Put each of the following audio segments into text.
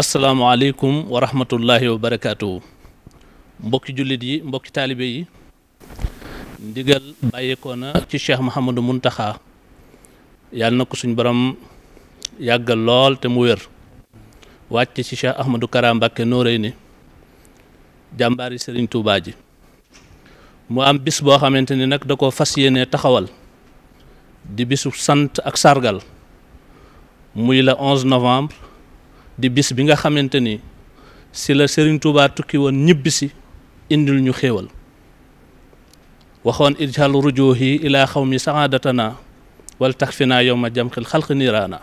asalaamaaleykum wa rahmatullahi wa mbokki jullit yi mbokki taalibe yi ndigal bàyyeekoo na ci cheikh Mouhamadou Mountakha yàlla na ko suñ boroom yàggal lool te mu wér wàcc ci cheikh Ahmadou Kara Mbacké nooree ni jàmbaari Serigne Touba ji mu am bis boo xamante ni nag da ko fas yéene taxawal di bisu sant ak sargal muy la 11 novembre. di bis bi nga xamante ni si la sëriñ Touba tukki woon ñibbisi indil ñu xéewal waxoon ijhal rujuhi ilaa xawmi saadatana wal tax fi naa yow ma jamxil xalq niiraana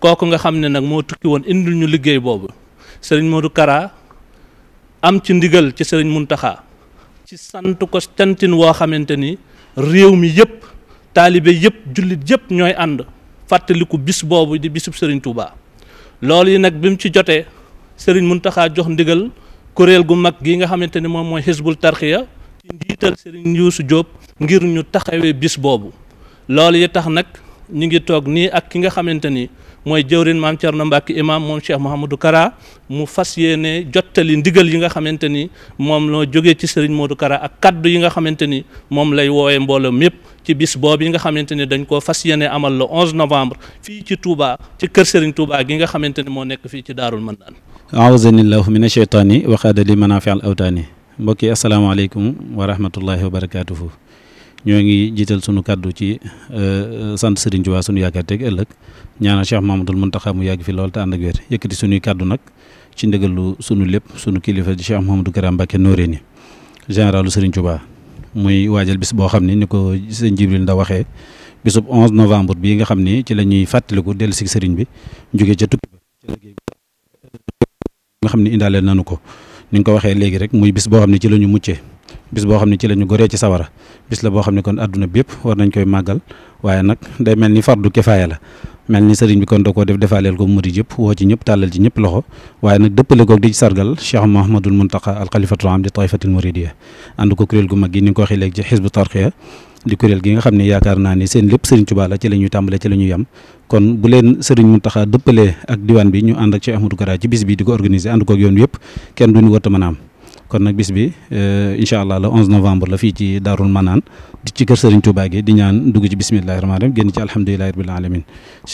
kooku nga xam ne nag moo tukki woon indil ñu liggéey boobu Serigne Modou Kara am ci ndigal ci Serigne Mountakha ci sant ko cantin woo xamante ni réew mi yëpp taalibe yëpp jullit yëpp ñooy ànd fàttaliku bis boobu di bisub Serigne Touba. loolu yi nag bi mu ci jotee Serigne Mountakha jox ndigal kuréel gu mag gi nga xamante ni moom mooy Hizbut Tarqiyyah ci njiital Serigne Youssou Diop ngir ñu taxawee bis boobu loolu yi tax nag. ñu ngi toog nii ak ki nga xamante ni mooy jëwrin maam Thierno Mbacke imam moom Cheikh Mouhamadou Kara mu fas yéene jottali ndigal yi nga xamante ni moom loo jógee ci Serigne Modou Kara ak kaddu yi nga xamante ni moom lay woowee mbooloo mépp ci bis boobu yi nga xamante ni dañ koo fas yéene amal le 11 novembre fii ci Touba ci kër Serigne Touba gi nga xamante ni moo nekk fii ci Daarul Manaan aousanillahu min asheytaani waxaada li manaafi al awtaani mbokki asalaamaaleykum wa rahmatullahi wa barakatuhu ñoo ngi jiital sunu kàddu ci euh, euh, sant Serigne Touba sunu yaakaar teg ëllëg ñaanal Cheikh Mamadou Mountakha mu yàgg fi lool te ànd ak wér yëkkati sunuy kàddu nag ci ndigalu sunu lépp sunu kilifa di Cheikh Mouhamadou Kara Mbacké Noreyni généralu Serigne Touba muy waajal bis boo xam ne ni ko sëñ Jibril nda waxee bisub 11 novembre bii nga xam ni ci la ñuy fàttaliku dellu si Serigne bi jóge ca tukki ba nga xam ne indaale nanu ko ni nga ko waxee léegi rek muy bis boo xam ne ci la ñu muccee bis boo xam ne ci la ñu goree ci sawara bis la boo xam ne kon àdduna bépp war nañ koy màggal waaye nag day mel ni fardu kifaaya la mel ni sëriñ bi kon da koo def defaaleel ko murid yëpp woo ci ñëpp tàllal ci ñëpp loxo waaye nag dëppale koog di ci sargal Cheikh Mahamadul Muntaqa alxalifatul am di taifatil muridiya ànd ko kuréel gu mag gi ni nga ko waxee léegi ci xisbu tarqiya di kuréel gi nga xam ne yaakaar naa ni seen lépp sëriñ Tuubaa la ci la ñuy tàmbale ci la ñuy yam kon bu leen sëriñ Muntaxa dëppalee bi ñu ànd ak Cheikh Ahmadou Kara ci bis bi di ko organiser ànd am kon nag bis bi euh, incha allah la 11 novembre la fii ci daarul Manaan di ci kër Serigne Touba gi di ñaan dugg ci bismillahi rahmaani rahim génn ci alhamdulilahi rabbil alamin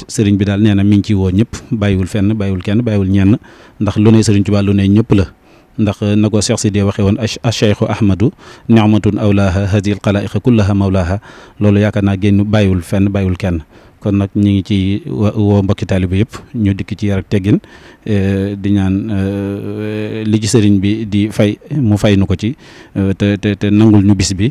Serigne bi daal nee na mi ngi ciy woo ñëpp bàyyiwul fenn bàyyiwul kenn bàyyiwul ñenn ndax lu ne Serigne Touba lu ne ñëpp la. ndax na ko seex si dee waxee woon acheikhu ahmadou nicmatun awlaaha hadi al xalaa'iqa kullaha mawlaaha loolu yaakaar naa génn bàyyiwul fenn bàyyiwul kenn kon nag ñu ngi ci woo mbokki taaliba yëpp ñu dikk ci yar ak teggin eh, di ñaan eh, li ci sëriñ bi di fay mu fay nu ko ci eh, te te te nangul ñu bis bi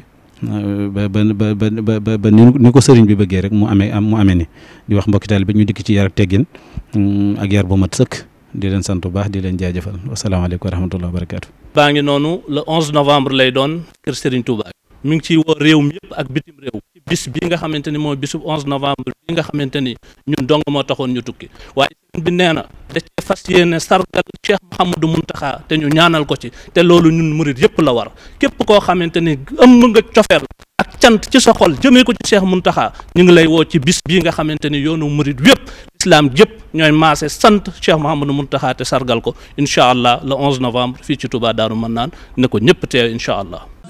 ba ba ba ba ba ni ko sëriñ bi bëggee rek mu amee mu amee ni di wax mbokki taaliba ñu dikk ci yar ak teggin mm, ak yar bu mat sëkk di leen sant bu baax di leen jaajëfal wasalaamaaleykum wa rahmatullah wa barakaatu. baa ngi noonu le 11 novembre lay doon kër Serigne Touba. mi ngi ciy woo réew mi yëpp ak bitim réew. bis bi nga xamante ni mooy bisub 11 novembre bi nga xamante ni ñun donc moo taxoon ñu tukki waaye sëriñ bi nee na da cee fas yéene sargal Cheikh Mouhamadou Mountakha te ñu ñaanal ko ci te loolu ñun murit yépp la war képp koo xamante ni ëmb nga cofeel ak cant ci sa xol jëmee ko ci Cheikh Mountakha ñu ngi lay woo ci bis bii nga xamante ni yoonu murit yépp islam yépp ñooy maase sant Cheikh Mouhamadou Mountakha te sargal ko incha allah la 11 novembre fii ci tubaa Darou Manane ne ko ñëpp teew allah